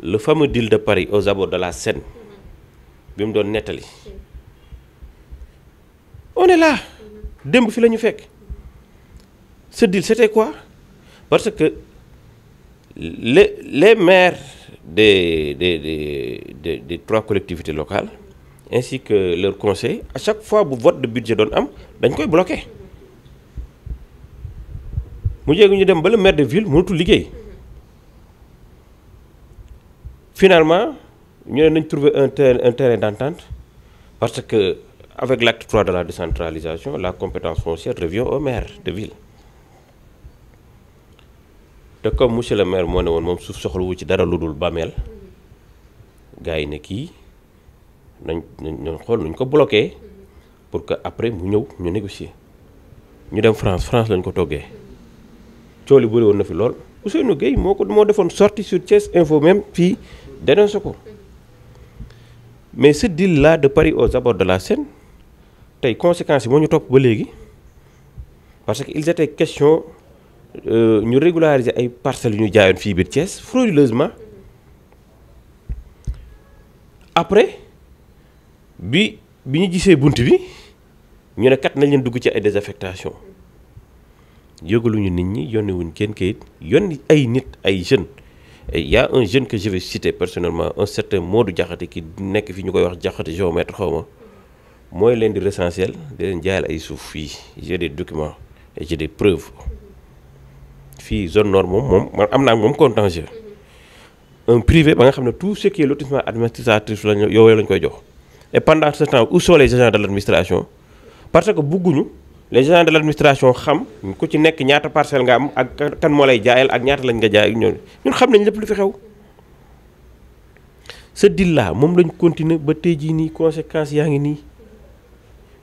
le fameux dil de Paris aux abords de la Seine bi mu doon nettali démb fi la ñu fekk ce deal c'était quoi parce que les les maires des des des des, des trois collectivités locales ainsi que leur conseil à chaque fois bu vote de budget doon am dañ koy bloqué mu jéegi ñu dem ba le maire de ville mënatul liggéey finalement ñu ne nañ trouver un terrain parce que Avec l'acte 3 de la décentralisation, la compétence foncière revient au maire de ville te comme monsieur le maire moo ne woon moom suuf soxlawu ci dara lu dul bàmmeel gars yi ne kii nañ nañ xool nuñ ko bloqué pour que après mu ñëw ñu négocier ñu dem France France lañ ko toggee cool yi bëri woon na fi lool Ousseynou Gueye moo ko moo defoon sorti sur Thiès Info même fii dénoncé ko mais ce deal la de Paris aux abords de la Seine tey conséquences moo ñu topp ba léegi parce que ils étaient question euh, ñu euh, ay parcelles yu ñu jaayoon fii biir Thiès frauduleusement après bi bi ñu gisee bunt bi ñu ne kat nañ leen dugg ci ay désaffectation yëgaluñu nit ñi yónni wuñ kenn kayit yónni ay nit ay jeunes et a un jeune que je vais citer personnellement un certain Modou jaxate ki nekk fii ñu koy wax Diakhaté géomètre xaw ma mooy leen di recensel di leen jaayal ay suuf fii j'ai des documents et j'ai des preuves fii zone nord moom man am naa moom contentieux en privé ba nga xam ne tout ce qui est la ñu yow lañ koy jox et pendant ce temps où sont les agents de l' administration parce que bugguñu les agents de l' administration xam ku ci nekk ñaata parcelle nga am ak kan moo lay jaayal ak ñaata lañ nga jaay ak ñoom ñun xam nañ lépp lu fi xew. ce deal moom lañu continuer ba tey jii nii conséquences yaa ngi nii.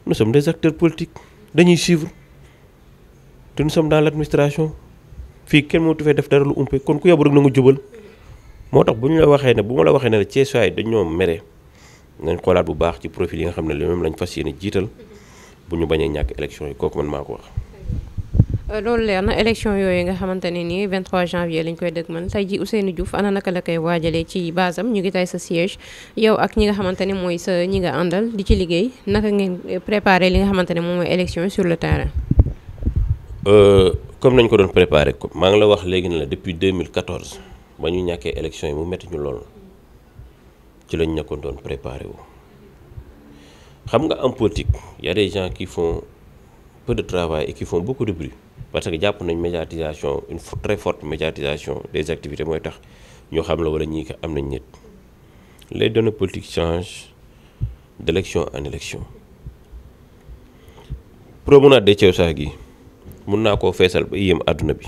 nous sommes des acteurs politiques dañuy suivre te nous sommes dans l' administration fii kenn mënatu fee def dara lu umpe kon ku yabu rek na nga jubal moo tax bu ñu la waxee ne bu ma la waxee ne la Cees waay dañoo mere nañ xoolaat bu baax ci profil yi nga xam ne li même lañ fas yéene jiital bu ñu bañee ñàkk élection yi kooku man maa ko wax. loolu leer na élection yooyu nga xamante ne nii 23 janvier lañ koy man tey ji Ousseynou Diouf ana naka la koy waajalee ci base am ñu ngi tey sa siège yow ak ñi nga xamante ne mooy sa ñi nga àndal di ci liggéey naka ngeen préparer li nga xamante ne moom mooy élection sur le terrain. Euh, comme nañ ko doon préparer ko maa ngi la wax léegi ne la depuis 2014 ba ñu ñàkkee élection yi mu metti ñu lool ci lañ nekkoon doon préparer wu xam nga en politique y a des gens de travail et qui font beaucoup de parce que jàpp nañ médiatisation une très forte médiatisation des activités mooy tax ñoo xam la wala ñii am nañ nit les données politiques changent d'élection en élection promenade de Thiaw Sakh gi mun naa koo feesal ba yéem àdduna bi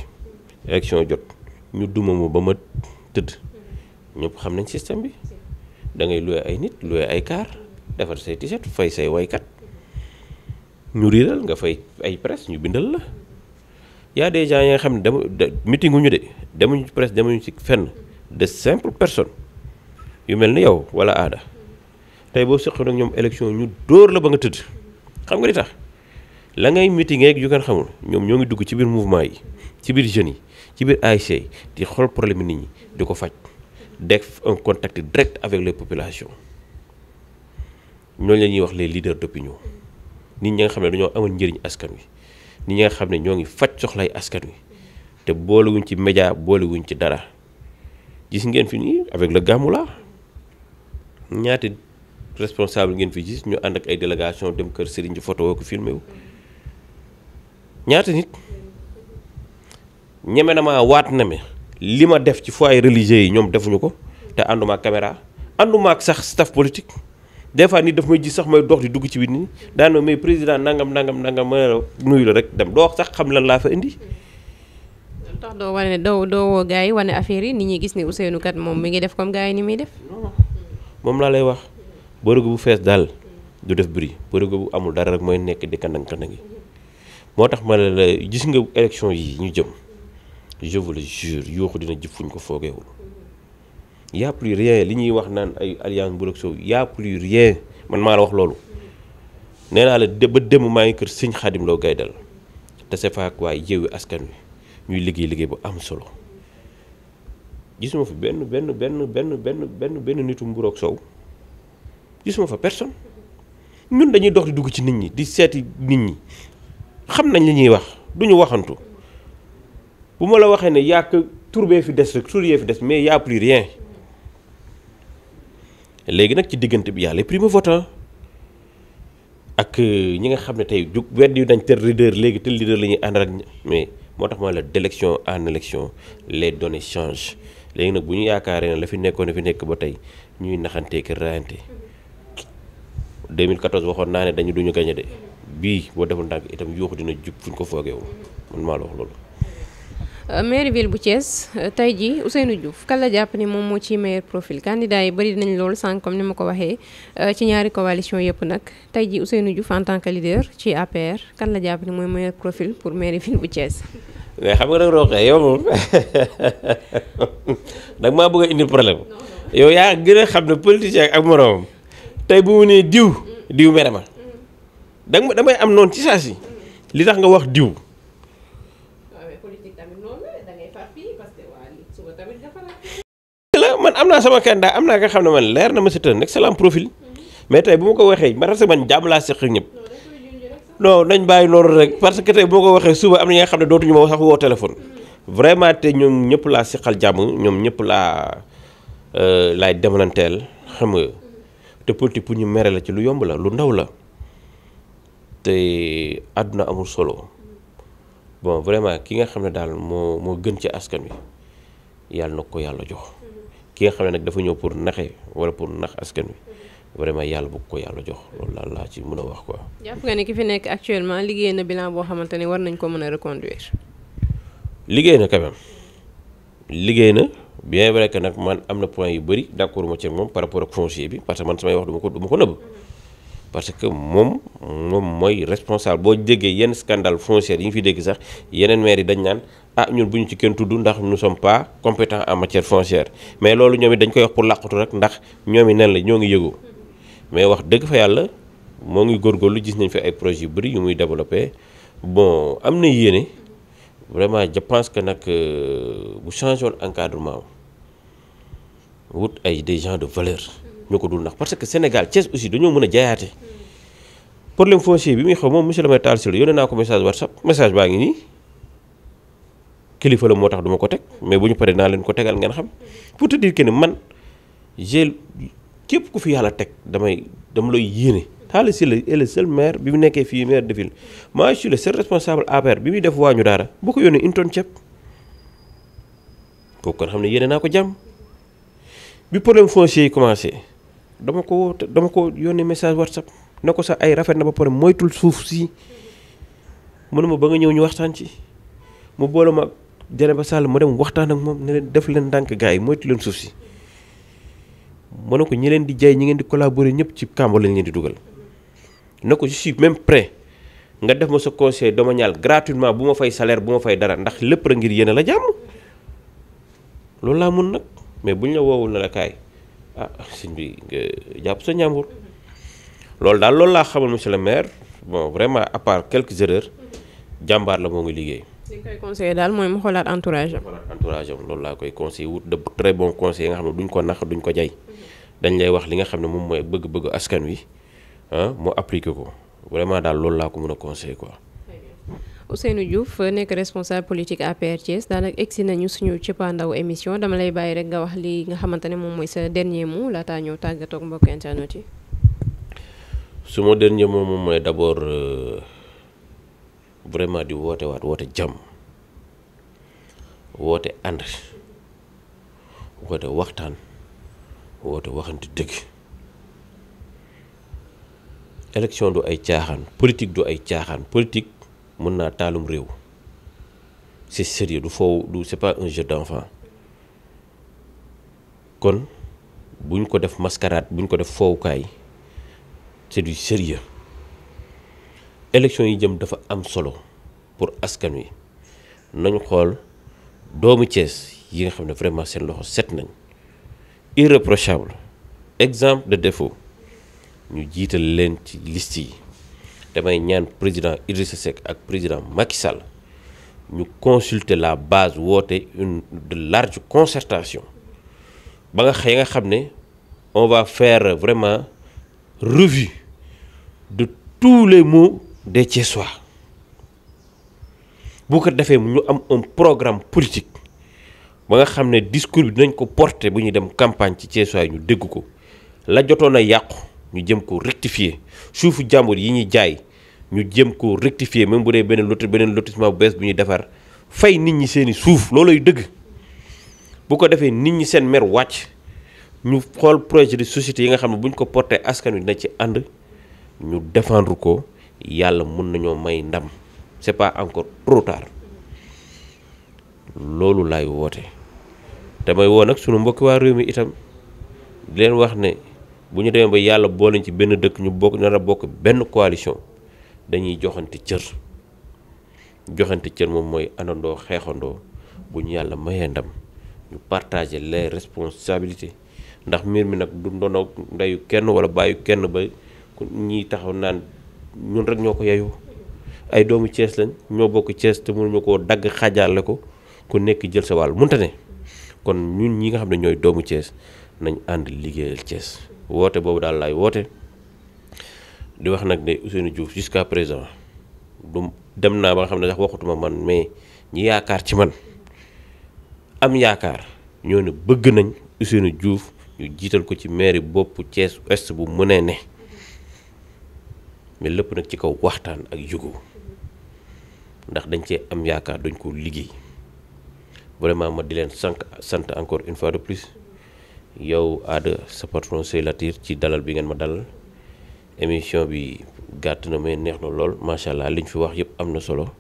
élection jot ñu duma mu ba ma tëdd ñëpp xam nañ système bi da ngay loué ay nit loué ay kaar defar say t-shirt fay say waykat ñu riiral nga fay ay presse ñu bindal la y a des gens yi nga xam ne dama meeting gu ñu de demuñu ci presse demuñu ci fenn de simple personne yu mel ni yow wala aada tey boo seqee nag ñoom élection ñu dóor la ba nga tëdd xam nga li tax la ngay meeting yeeg yu kenn xamul ñoom ñoo ngi dugg ci biir mouvement yi ci biir jeunes yi ci biir ASC di xool problème nit ñi di ko faj def un contact direct avec les populations ñooñu la ñuy wax les leaders d'opinion nit ñi nga xam ne dañoo amal njëriñ askan wi. ni nga xam ne ñoo ngi faj soxlay askan wi te boolewuñ ci média boolewuñ ci dara gis ngeen fi nii avec le gàmmu la ñaati responsable ngeen fi gis ñu ànd ak ay délégation kër Serigne di photo ko filmé ñaata nit ñeme na maa waat na me li ma def ci foyer religieux yi ñoom defuñu ko te ànduma caméra ànduma ak sax staff politique des fois nit daf may gis sax may dox di dugg ci wit nii daan na may président nangam nangam nangam ma nuyu la rek dem doo sax xam lan laa fa indi. tax doo wane doo doo woo gars yi wane affaire yi ñuy ñi gis ne Ousseynou kat moom mi ngi def comme gars ni muy def. moom laa lay wax bërëgu bu fees daal du def bëri bërëgu bu amul dara rek mooy nekk di kanang kanang yi moo tax ma ne la gis nga élection yi ñu jëm je vous le yuuxu dina jëf fuñ ko foogeewul. y' a plus rien li ñuy wax naan ay alliance bu Sow y' a plus rien man maa la wax loolu nee naa la ba démb maa ngi kër sëñ Xaadim Lo dal te se faak waaye Yewwi Askan Wi ñuy liggéey liggéey bu am solo gisuma fa benn benn benn benn benn benn benn nitu mburoog gisuma fa personne ñun dañuy dox dugg ci nit ñi di seeti nit ñi xam nañ li ñuy wax duñu waxantu bu ma la waxee ne yàq tur fi des rek tur fi des mais y' a rien. léegi nag ci diggante bi yàlla primo-votant ak euh, ñi nga xam ne tey jug weddi dañ te leader léegi te leader la ñuy ànd ak mais moo tax ma la d'élection en élection les dones changent léegi nag bu ñu yaakaaree ne la fi nekkoon fi nekk ba tey ñuy naxanteeki raayante 2014 waxoon naa ne dañu duñu gañe de bii boo deful ndànk itam yuuxu dina jub fuñ ko foogeewul man maa la wax loolu Euh, mairie ville bu Thiès euh, tey jii Ousseynou Diouf kan la jàpp ni moom moo ci meilleur profil candidat yi bëri nañ lool sànq comme ni ma ko waxee euh, ci ñaari coalition yëpp nag tey jii Ousseynou Diouf en tant que leader ci kan la jàpp ni mooy meilleur profil pour mairie ville bu Thiès. mais xam nga nag Roqe maa bëgg indi problème yow yaa gën a xam ne politicien ak moroomam tey bu mu nee diw diw mere ma da damay am noonu ci saa si li tax nga wax diw. am naa sama candidat am naa nga xam ne man leer na ma c'est un excellent profil mais tey bu ma ko waxee parce que man jàmm laa seq ñëpp non nañ bàyyi noonu rek parce que tey bu ma ko waxee suba am na ñi nga xam ne dootuñu ma sax woo téléphone vraiment te ñoom ñëpp laa seqal jàmm ñoom ñëpp laa euh, laay demalanteel xam nga te politique pour ñu mere la ci lu yomb la lu ndaw la te àdduna amul solo bon vraiment ki nga xam ne daal moo moo gën ci askan wi yàlla na ko yàlla jox ki nga xam ne nag dafa ñëw pour naxe wala pour nax askan wi vraiment yàlla bu ko yàlla jox loolu daal laa ci mën a wax quoi. jàpp nga ne ki fi nekk actuellement liggéey na bilan boo xamante ne war nañ ko mën a reconduire. liggéey na quand même liggéey na bien vrai que nag man am na point yu bëri d'accord ma moom par rapport ak foncier bi parce que man samay wax duma ko duma ko nëbb. parce que moom moom mooy responsable boo déggee yenn scandale foncière yi nga fi dégg sax yeneen maire yi dañ naan ah ñun bu ñu ci kenn tudd ndax nous sommes pas compétents en matière foncière mais loolu ñoom it dañ koy wax pour làqatu rek ndax ñoom it nan la ñoo ngi yëgu mais wax dëgg fa yàlla moo ngi lu gis nañ fi ay projet yu bëri yu muy développé bon am na yéene vraiment je pense que nag euh, bu changé woon encadrement wut ay des gens de valeur ñoo ko dul nax parce que Sénégal Thiès aussi dañoo mën a jaayaate problème foncier bi muy xew moom monsieur le maire Tall Sylla yónnee naa ko message whatsapp message baa ngi nii kilifa la moo tax duma ko teg mais bu ñu paree naa leen ko tegal ngeen xam pour te dire que ne man j'ai képp ku fi yàlla teg damay dama looy yéene. Tall Sylla est le maire bi mu nekkee fii maire de ville moi je suis le responsable APR bi muy def waañu daara boo ko yónnee une tonne ceeb kooku xam ne yéene naa ko jàmm bi problème commencé. dama ko dama ko yónnee message whatsapp ne ko sax ay rafet na ba pare moytul suuf si mënuma ba nga ñëw ñu waxtaan ci mu boole ma Dieynaba Sall mu dem waxtaan ak moom ne leen def leen ndànk gars yi moytu leen suuf si mën na ko ñi leen di jaay ñi ngeen di collaborer ñëpp ci kàmb lañ leen di dugal ne ko je suis même prêt nga def ma sa conseil domanial gratuitement bu ma fay salaire bu ma fay dara ndax lépp rek ngir yéene la jàmm loolu laa mun nag mais buñ la woowul la kaay. ah sëñ bi nga jàpp sa njàmbur loolu daal lool laa xamal monsieur le maire bon vraiment à part quelques jàmbaar la moo ngi liggéey. li nga daal mooy mu xoolaat entourage am. xoolaat entourage loolu laa koy conseillé wut de très bon conseil nga xam ne duñ ko nax duñ ko jay dañ lay wax li nga xam ne moom mooy bëgg-bëgg askan wi ah mu appliqué ko vraiment daal loolu laa ko mën a conseillé quoi. Ousseynou Diouf nekk responsable politique APR Thiès daanaka egsi nañu suñu cëppaandaw émission dama lay bàyyi rek nga wax li nga xamante ne moom mooy sa dernier mot laataa ñëw tàggatoog mbokk internet suma dernier mot moom mooy d'abord euh, vraiment di woote waat woote jàmm woote ànd woote waxtaan woote waxante dëgg. élection du ay caaxaan politique du ay caaxaan politique. mën naa taalum réew c'est sérieux du foofu du c'est pas un jeu d'enfant kon buñ ko def mascarade buñ ko def foowukaay c'est du sérieux élection yi jëm dafa am solo pour askan wi nañu xool doomu Thiès yi nga xam ne vraiment seen loxo set nañ irréprochable exemple de defoo ñu jiital leen ci liste yi damay ñaan président Idrissa Seck ak président Macky Sall ñu consulter la base woote une de large concertation ba nga xëy nga xam ne on va faire vraiment revue de tous les maux des Thiessois bu ko defee mu ñu am un programme politique ba nga xam ne discours bi dinañ ko porter bu ñuy dem campagne ci Thiessois yi ñu dégg ko la jotoon a yàqu. ñu jëm ko rectifier suufu jàmbur yi ñuy jaay ñu jëm ko rectifier même bu dee beneen loti beneen lotissement bu bees bu ñuy defar fay nit ñi seeni suuf loolooy dëgg bu ko defee nit ñi seen mer wàcc ñu xool projet de société yi nga xam ne buñ ko porte askan wi dina ci ànd ñu défendre ko yàlla mun nañoo may ndam c'est pas encore trop tard loolu laay woote damay woo nag sunu mbokki waa réew mi itam di leen wax ne. bu ñu demee ba yàlla boolañ ci benn dëkk ñu bokk nar a bokk benn coalition dañuy joxante cër joxante cër moom mooy àndandoo xeexandoo bu ñu yàlla mayee ndam ñu partager les responsabilités ndax mbir mi nag du ndono ndeyu kenn wala bàyyu kenn ba ñiy taxaw naan ñun rek ñoo ko yeyu ay doomu Cees lañ ñoo bokk Cees te ñu ko dagg xaajaale ko ku nekk jël sa wàll munta ne kon ñun ñi nga xam ne ñooy doomu Cees nañ ànd liggéeyal Cees woote boobu daal laay woote di wax nag ne Ousseynou Diouf jusqu'à présent du dem naa ba nga xam ne sax waxutuma man mais ñi yaakaar ci man am yaakaar ñoo ne bëgg nañ Ousseynou Diouf ñu jiital ko ci mairie boppu Thiès Ouest bu mënee ne mais lépp nag ci kaw waxtaan ak jugo ndax dañ cee am yaakaar duñ ko liggéey vraiment ma di leen sant sant encore une fois de plus yow aada sa patron Sey Latir ci dalal bi ngeen ma dalal émission bi gàtt na mais neex na lool macha allah liñ fi wax yëpp am na solo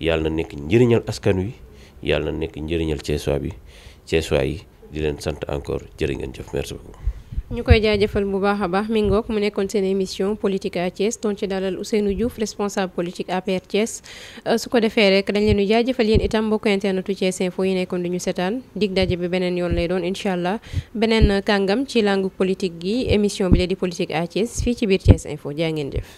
yàlla na nekk njëriñal askan wi yàlla na nekk njëriñal Ceesuwaa bi Ceesuwaa yi di leen sant encore jërë ngeen jëf merci beaucoup. ñu koy jaajëfal bu baax a baax mi ngoog mu nekkoon seen émission politique à Thiès doon ci dalal Ousseynou Diouf responsable politique APR Thiès euh, su ko defee rek dañ leen di jaajëfal yéen itam mbokk internetu Thiès info yi nekkoon duñu setaan dig daje bi beneen yoon lay doon incha allah beneen kàngam ci langue politique gi émission bi la di politique à Thiès fii ci biir Thiès info jaa ngeen jëf.